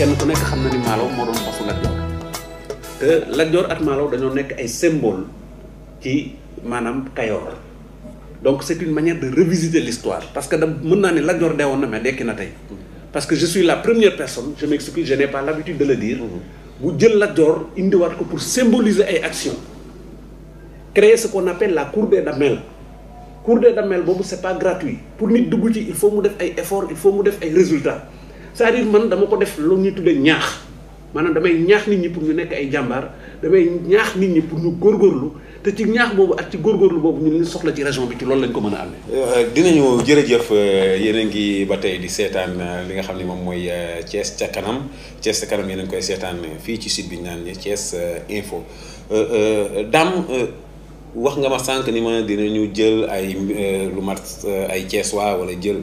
kenn ku nekk xam na ni Malaw moo doon fasu Lat Joor te Lat ak Malaw dañoo nekk ay symbole ci maanaam Kayoor donc c'est une manière de revisiter l'histoire parce que da mën naa ne Lat Joor deewoon na mais dekki na tey parce que je suis la première personne je m'excuse je n'ai pas l'habitude de le dire bu jël Lat Joor indiwaat ko pour symboliser ay actions créer ce qu'on appelle la cour des damel cour des damel boobu c'est pas gratuit pour nit dugg ci il faut mu def ay efforts il faut mu def ay résultats cest à man dama ko def lu ñu tuddee ñaax maanaam damay ñaax nit ñi pour ñu nekk ay jàmbaar damay ñaax nit ñi pour ñu góor góorlu te ci ñaax boobu ak ci góorgóorlu boobu ñu li soxla ci région bi ci loolu lañ ko mën a amee. Euh, dinañu jërëjëf euh, yéen a ngi ba tey di seetaan euh, li nga xam ne moom mooy Thiès ca kanam Thiès ca kanam yéen a koy seetaan fii ci site bi ñu naan Thiès info Dame wax nga ma sànq ni ma dinañu jël ay lu mat ay Thiès waa wala jël.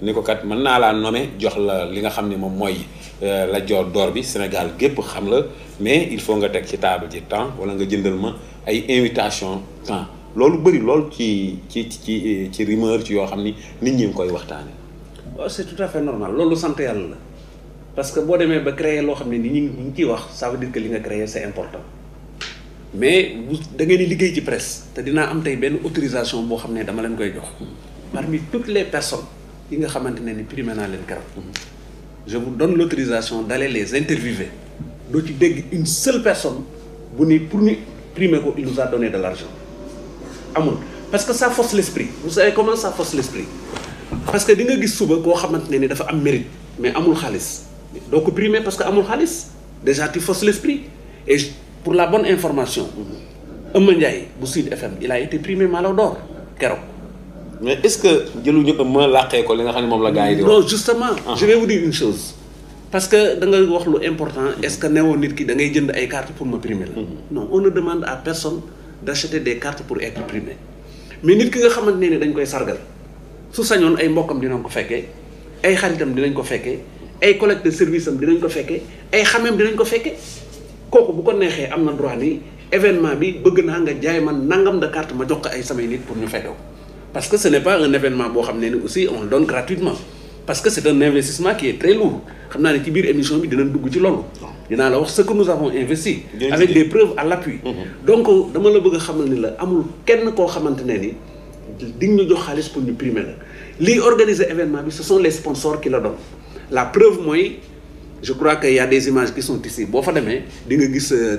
ni ko kat man na la nommer jox la li nga xam mom moy euh, la joor d'or bi Sénégal gep xam la mais il faut nga tek ci table ji temps wala nga jëndal ma ay invitation temps lolou bari loolu ci ci ci ci rumeur ci yo xamni nit ñi ngi koy waxtane waaw oh, c'est tout à fait normal lolou sante yalla la parce que bo démé ba créer lo xamni ne ni ngi ci wax ça veut dire que li nga créer c'est important mais da ngay ni liggéey ci presse te dina am tay ben autorisation bo xamné dama leen koy jox parmi toutes les personnes nga ni primé je vous donne l'autorisation d'aller les interviewer doo ci une seule personne bu pour ni primé ko il nous a donné de l'argent amul parce que ça force l'esprit vous savez comment ça force l'esprit parce que di nga gis suba koo xamante ne ni dafa am mérite mais amul xaalis doo ko primer parce que amul xaalis déjà tu forces l'esprit et pour la bonne information Eumeu Ndiaye bu Sud FM il a été primé Malo d'or keroog mais est-ce que non justement ah. je vais vous dire une chose parce que da nga wax important est-ce que nit ki da cartes pour ma primer mhm. non on ne demande à personne d'acheter des cartes pour être primé mais nit ki nga dañ koy sargal su ay ko ay xaritam ko ay de service dinañ ko ay dinañ ko bu ko droit ni événement bi bëgg nga jaay de carte ma jox ay pour ñu faire. Parce que ce n'est pas un événement qui aussi, on le donne gratuitement. Parce que c'est un investissement qui est très lourd. Nous avons une émission de ce que nous avons investi, avec des preuves à l'appui. Mm-hmm. Donc, je veux dire que diñ ñu jox xaalis pour nous primer la lii organiser événement bi ce sont les sponsors qui le donnent la preuve moi, je crois qu'il y a des images qui sont ici Vous fa demee di nga euh,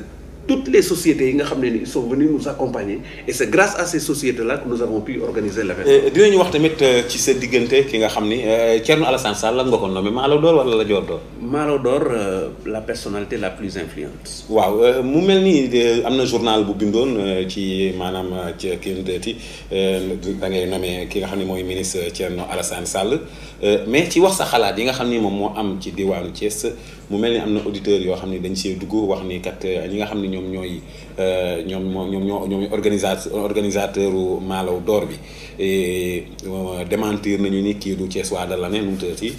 toutes les sociétés yi nga xam ni sont venues nous accompagner et c'est grâce à ces sociétés là que nous avons pu organiser l'événement. dinañu wax tamit euh, ci sa diggante ki nga xam ni euh, Thierno Alassane Sall lan nga ko nommé Malo Dor wala la Dior Dor. Malo Dor euh, la personnalité la plus influente. waaw mu mel nii am na journal bu bindoon ci maanaam ci kii da ngay nommé ki nga xam ne mooy ministre Thierno Alassane Sall. Euh, mais ci wax sa xalaat yi nga xam ni moom moo am ci diwaanu Thiès mu mel ni am na auditeurs yoo xam ni dañ see dugg wax ni kat euh, ñi nga xam ni ñoom ñooy ñoom euh, ñoom ñoo ñoom organisateur organisateur Malaw d'or bi démentir nañu ni kii du Thiès waa da la ne nu mu tëddati.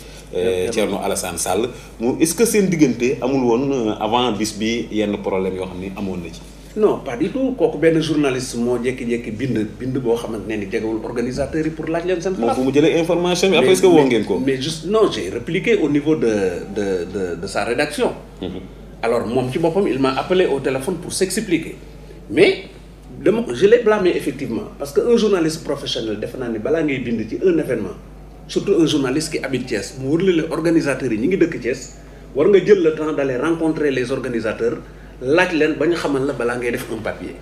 Thierno Alassane Sall mu est-ce que seen diggante amul woon avant bis bi yenn problème yoo xam ni amoon na ci. non pas du tout Il y journaliste moo jékki qui bind bind bo xamantene ni organisateur pour laaj leen centre. xalaat moom mu information mais après ce que vous avez ko mais juste non j'ai répliqué au niveau de de de de sa rédaction mhm. alors mon ci bopam, il m'a appelé au téléphone pour s'expliquer mais je l'ai blâmé effectivement parce qu'un journaliste professionnel def naa ni ngay bind ci un événement surtout un journaliste qui habite Thiès mu wër la organisateur yi ñi ngi dëkk Thiès war nga jël le temps d'aller rencontrer les organisateurs un papier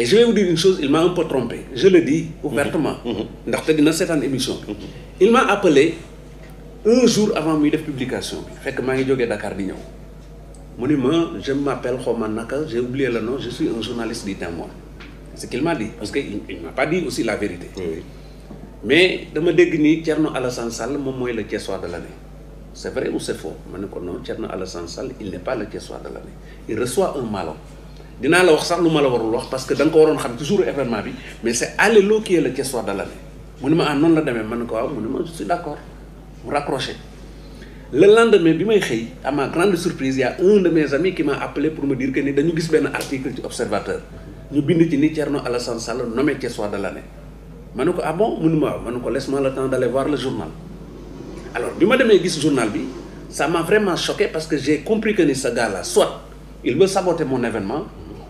et je vais vous dire une chose il m'a un peu trompé je le dis ouvertement mm-hmm. Mm-hmm. émission mm-hmm. il m'a appelé un jour avant de def publication Fait que ngi Dakar je m'appelle Roman naka j'ai oublié le nom je suis un journaliste du c'est ce qu'il m'a dit parce qu'il ne m'a pas dit aussi la vérité mais dama me dégner Thierno Alassane Sall mon mooy le soir de l'année c'est vrai ou c'est faux ma ne ko non Thierno Alassane Sall il n'est pas le Thiessois de l'année il reçoit un malon. dinaa la wax sax lu ma la warul wax parce que da nga ko waroon xam toujours jour événement bi mais c'est Allé qui est le Thiessois de l'année mu ne ma ah noonu la demee ma ko je suis d'accord mu raccroché le lendemain bi may xëy à ma grande surprise il y a un de mes amis qui m'a appelé pour me dire que ni dañu gis un article ci Observateur ñu bind ci ni Thierno Alassane Sall nommé Thiessois de l'année ma ne ko ah bon mu ne ko laisse-moi le temps d'aller voir le journal alors je me ce journal ça m'a vraiment choqué parce que j'ai compris que ce gars-là soit il veut saboter mon événement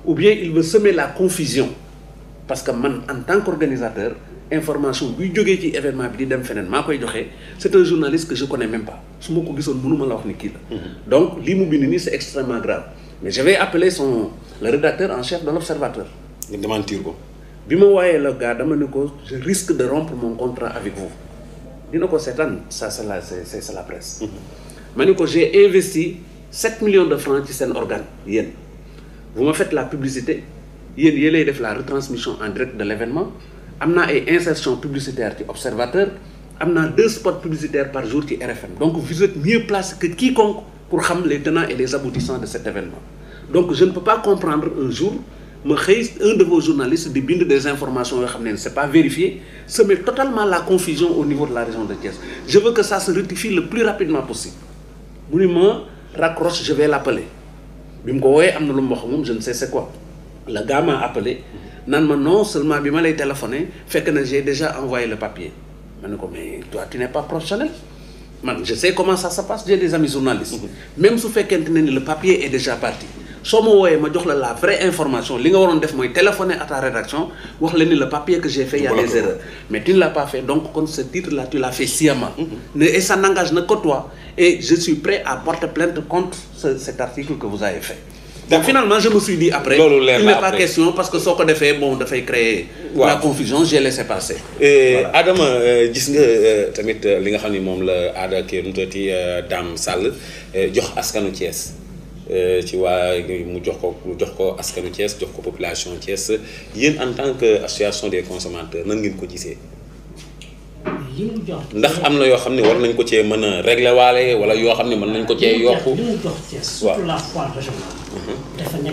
ou bien il veut semer la confusion parce que en tant qu'organisateur l'information c'est un journaliste que je ne connais même pas Je ne l'ai pas donc l'immobilisme c'est extrêmement grave mais je vais appeler son le rédacteur en chef de l'Observateur Il demande. Si je le gars je risque de rompre mon contrat avec vous ça c'est la presse mhm. Mais j'ai investi 7 millions de francs ci un organe vous me faites la publicité Vous y la retransmission en direct de l'événement Vous et une insertion publicitaire ci observateur Vous deux spots publicitaires par jour qui RFM donc vous êtes mieux placé que quiconque pour savoir les tenants et les aboutissants de cet événement donc je ne peux pas comprendre un jour un de vos journalistes di bind des informations yoo ne c'est pas vérifier vérifié met totalement la confusion au niveau de la région de Thiès je veux que ça se rectifie le plus rapidement possible raccroche je vais l'appeler bi ko je ne sais c'est quoi le gars m'a appelé ma non seulement bi ma téléphoné na j'ai déjà envoyé le papier mais toi tu n'es pas professionnel man je sais comment ça se passe j'ai des amis journalistes mm-hmm. même si fait ne le papier est déjà parti si tu wooyee ma la vraie information li nga téléphoner à ta rédaction wax la ni le papier que j'ai fait il y a des erreurs mais tu ne l'as pas fait donc quand ce titre là tu l'as fait sciemment mm-hmm. et ça n'engage que toi et je suis prêt à porter plainte contre cet article que vous avez fait donc finalement je me suis dit après il n'est pas question parce que soo ko fait, bon fait créer la confusion j'ai laissé passer Adam, euh, gis nga euh, tamit euh, li nga dit que tu la dit kii nu tuuti Dame Sall jox askanu Thiès Euh, ci waa mu jox ko mu jox ko askanu Thiès jox ko population Thiès yéen en tant que association des consommateurs nan ngeen ko gisee. ndax am na yoo xam ne war nañ ko cee mën a régler waale wala yoo xam ne mën nañ ko cee yokk. li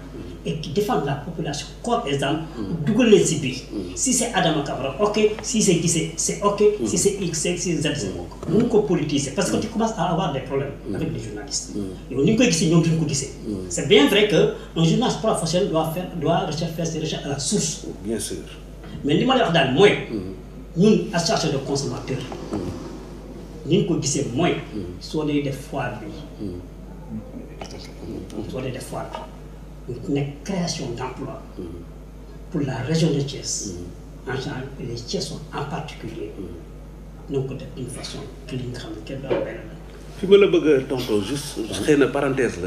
et qui défendent la population comme exemple âme, double les Si c'est Adam Kavra, ok. Si c'est qui c'est ok. Si c'est X, si c'est Z, c'est ne Nous, pas politiser parce que tu commences à avoir des problèmes avec les journalistes. Et on dit que c'est bien vrai qu'un journaliste professionnel doit, faire, doit faire ses recherches à la source. Bien sûr. Mais nous ma lay wax daal mooy. Mm. ñun association de consommateur mm. ni ñu ko gisee mooy. Mm. soo dee def foire bi. soo dee def foire bi une création d'emplois pour la région de Thiès, mm. en général, les en particulier. Mm. donc de façon que li nga xam juste une mm. parenthèse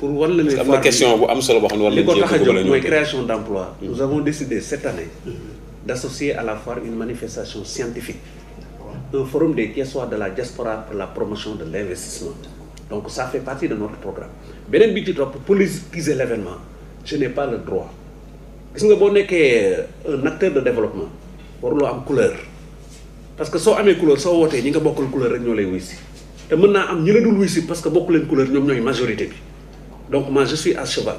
pour voir la question bu am solo création d'emploi. nous avons décidé cette année. d'associer à la foire une manifestation scientifique. un forum des Thiessois de la diaspora pour la promotion de l'investissement. Donc ça fait partie de notre programme. Benen bi ci politiser l'événement je n'ai pas le droit gis vous euh, êtes un acteur de développement lo am couleur parce que so vous couleur so woté ñi nga bokkul couleur rek ñoo lay wuy si te mën am ñi la dul parce que bokku couleur ñom ñoy majorité bi donc moi je suis à cheval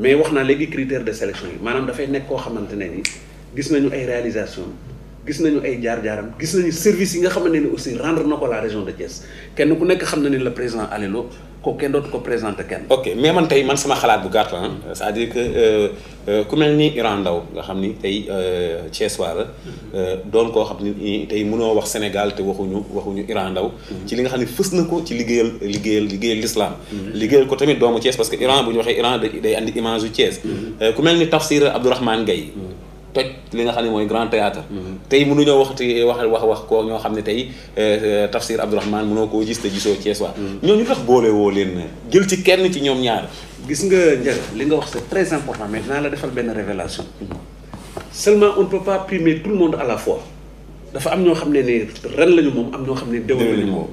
mais wax naa léegi critère de sélection yi maanaam dafay nekk koo xamante ne ni gis nañu ay réalisation gis nañu ay jaar-jaaram gis nañu service yi nga xamante ne ni aussi rendre na ko la région de Thiès kenn ku nekk xam na ni le président Alilo ko kenn dootu ko présenté kenn. ok mais man tey man sama xalaat bu gàtt ah c'est-à-dire que euh, euh, ku mel ni Iran Ndao nga xam ni tey euh, Thiès waa la doon koo xam ni tey mënoo wax Sénégal te waxuñu waxuñu Iran Ndao mm-hmm. ci li nga xam ne fus na ko ci liggéeyal liggéeyal liggéeyal l'islam. Mm-hmm. liggéeyal ko tamit doomu Thiès parce que Iran bu ñu waxee Iran day andi image yu Thiès. Mm-hmm. ku mel ni Tafsir Abdourahmane Gaye toj li nga xam moy grand théâtre tay mënuñoo ñu wax wax wax koo ñoo xam ne tey euh, euh, Tafsir abdourahman mëno ko gis te ci Thiès waa mm-hmm. ñu tax bolé wo leen jël ci kenn ci ñom ñaar gis nga njël li nga wax c'est très important mais dinaa la defal ben révélation seulement on ne peut pas primer tout le monde à la fois dafa am ñoo xamné ne ren lañu mom am ñoo xamné déwul lañu mom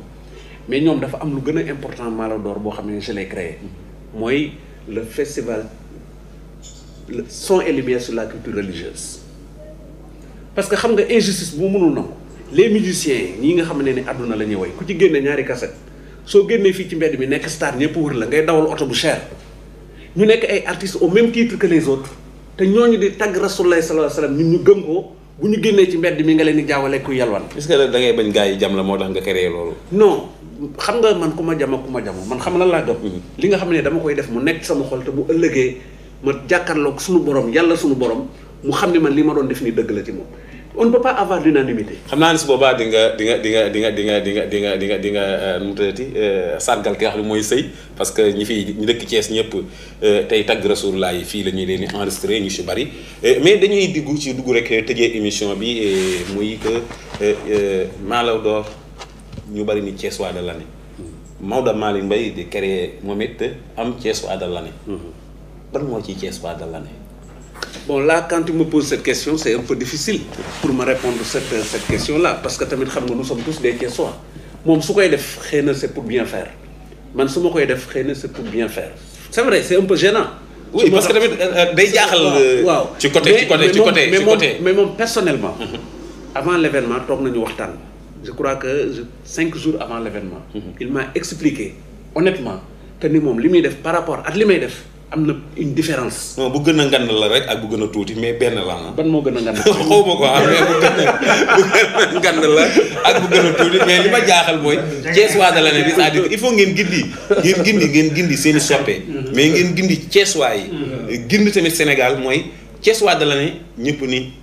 mais ñom dafa am lu gëna important Malo d'Or bo xamné ne je l'ai créé mm-hmm. mooy le festival son et lumière sur la culture religieuse parce que xam nga injustice bu mënul nangu les musiciens ñi nga xam né aduna la ku ci génné ñaari cassette so titre que ci mbéd mi star ñepp wër la ngay dawal bu cher ñu artistes au même titre que les autres té ñoñu di vous avez sallallahu alayhi wasallam ñun ñu gëm ko bu ñu que ci mbéd mi nga est-ce que da ngay bañ la nga non xam nga man man la mm-hmm. li nga dama koy def mu ma jàkkaarloog suñu borom yàlla suñu borom mu xam ne man li ma doon def ni dëgg la ci moom on ne peut pas avoir l'unanimité xam naa ne su boobaa di nga di nga di nga di nga di nga di nga di nga di nga di nga euh, nu mu tëddati euh, sargal ki nga xam ne mooy sëy parce que ñi fi ñu dëkk Thiès ñëpp euh, tey tagg Rasulullah yi fii la ñuy leen enregistré ñu si bari mais dañuy diggu ci dugg rek tëjee émission bi muy que Malaw Door ñu bari ni Thiès waa de l'année mm. Maodo Malick Mbaye di créé moom it am Thiès waa de l'année mm-hmm. ban moi qui est pas dans l'année bon là quand tu me poses cette question c'est un peu difficile pour me répondre cette cette question là parce que tamit xam nous sommes tous des Moi, moom su koy def xëy c'est pour bien faire man su ma koy def c'est pour bien faire c'est vrai c'est un peu gênant oui parce que tu euh, connais. Euh, jaaxal tu ci tu ci côté ci mais moi, personnellement mhm. avant l'événement je crois que cinq jours avant l'événement mhm. il m'a expliqué honnêtement que ni moom li par rapport à li am na différence. non bu gën a ngand la rek ak bu gën a tuuti mais benn la ah. ban moo gën a ngand. xaw ma ko ah mais bu la ak bu gën a tuuti mais li ma jaaxal mooy. Cees waa da la ne c'est-à-dire il faut ngeen gindi ngeen gindi ngeen gindi seen i mais ngeen gindi Cees waa yi. Mm-hmm. gindi tamit Sénégal mooy Cees waa da la ne ñëpp ni.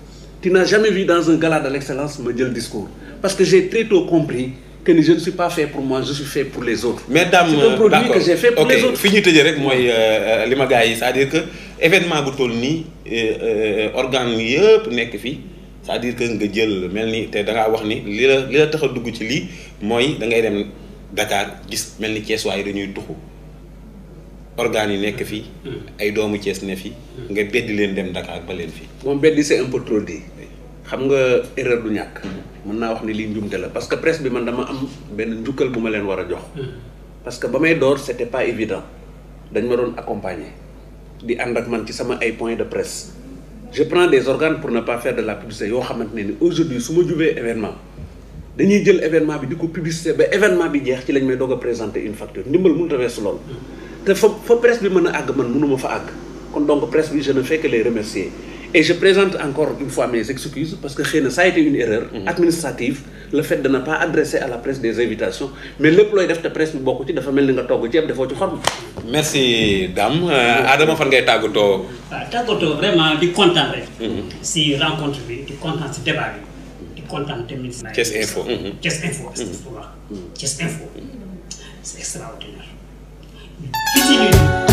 tu n'as jamais vu dans un gala de l'excellence me dire le discours. Parce que j'ai très tôt compris que je ne suis pas fait pour moi, je suis fait pour les autres. Mesdames, c'est un produit que j'ai fait pour les autres. Fini te dire moi, euh, les magaïs, c'est-à-dire que événement bu toll nii euh, euh, organe yëpp nekk fii c'est-à-dire que nga jël melni té da nga wax ni li la li dugg ci li moy da ngay dem Dakar gis melni dañuy duxu organes yi nekk fii. Hmm. ay doomu Cees ne fi. Hmm. nga beddi leen dem Dakar ba leen fi. moom beddi c'est un peu trop dit xam nga erreur du ñàkk. Hmm. mën naa wax ne lii njumte la parce que presse bi man dama am benn njukkal bu ma leen war a jox. parce que ba may door c'était pas évident dañ ma doon accompagner di ànd ak man ci sama ay points de presse. je prends des organes pour ne pas faire de la publicité yoo xamante ne ni aujourd'hui su ma jubee événement dañuy jël événement bi di ko publicité ba événement bi jeex ci lañ may doog a présenter une facture ndimbal mënut a weesu loolu te fa fa presse bi mën ag man mënuma fa ag. kon donc presse bi je ne fais que les remercier et je présente encore une fois mes excuses parce que ça a été une erreur mhm. administrative le fait de ne pas adresser à la presse des invitations mais le looy def te presse bi bokk ci dafa melni nga togg ceeb ci xorm. merci Dame euh, Adama fan ngay tagoto. waaw ah, tàggatoo vraiment di kontaan rek. Mhm. si rencontre bi di content si débat bi. content kontaan tamit. Thiès Info Thiès Info. Mhm. Thiès Info. c'est extraordinaire. 天气预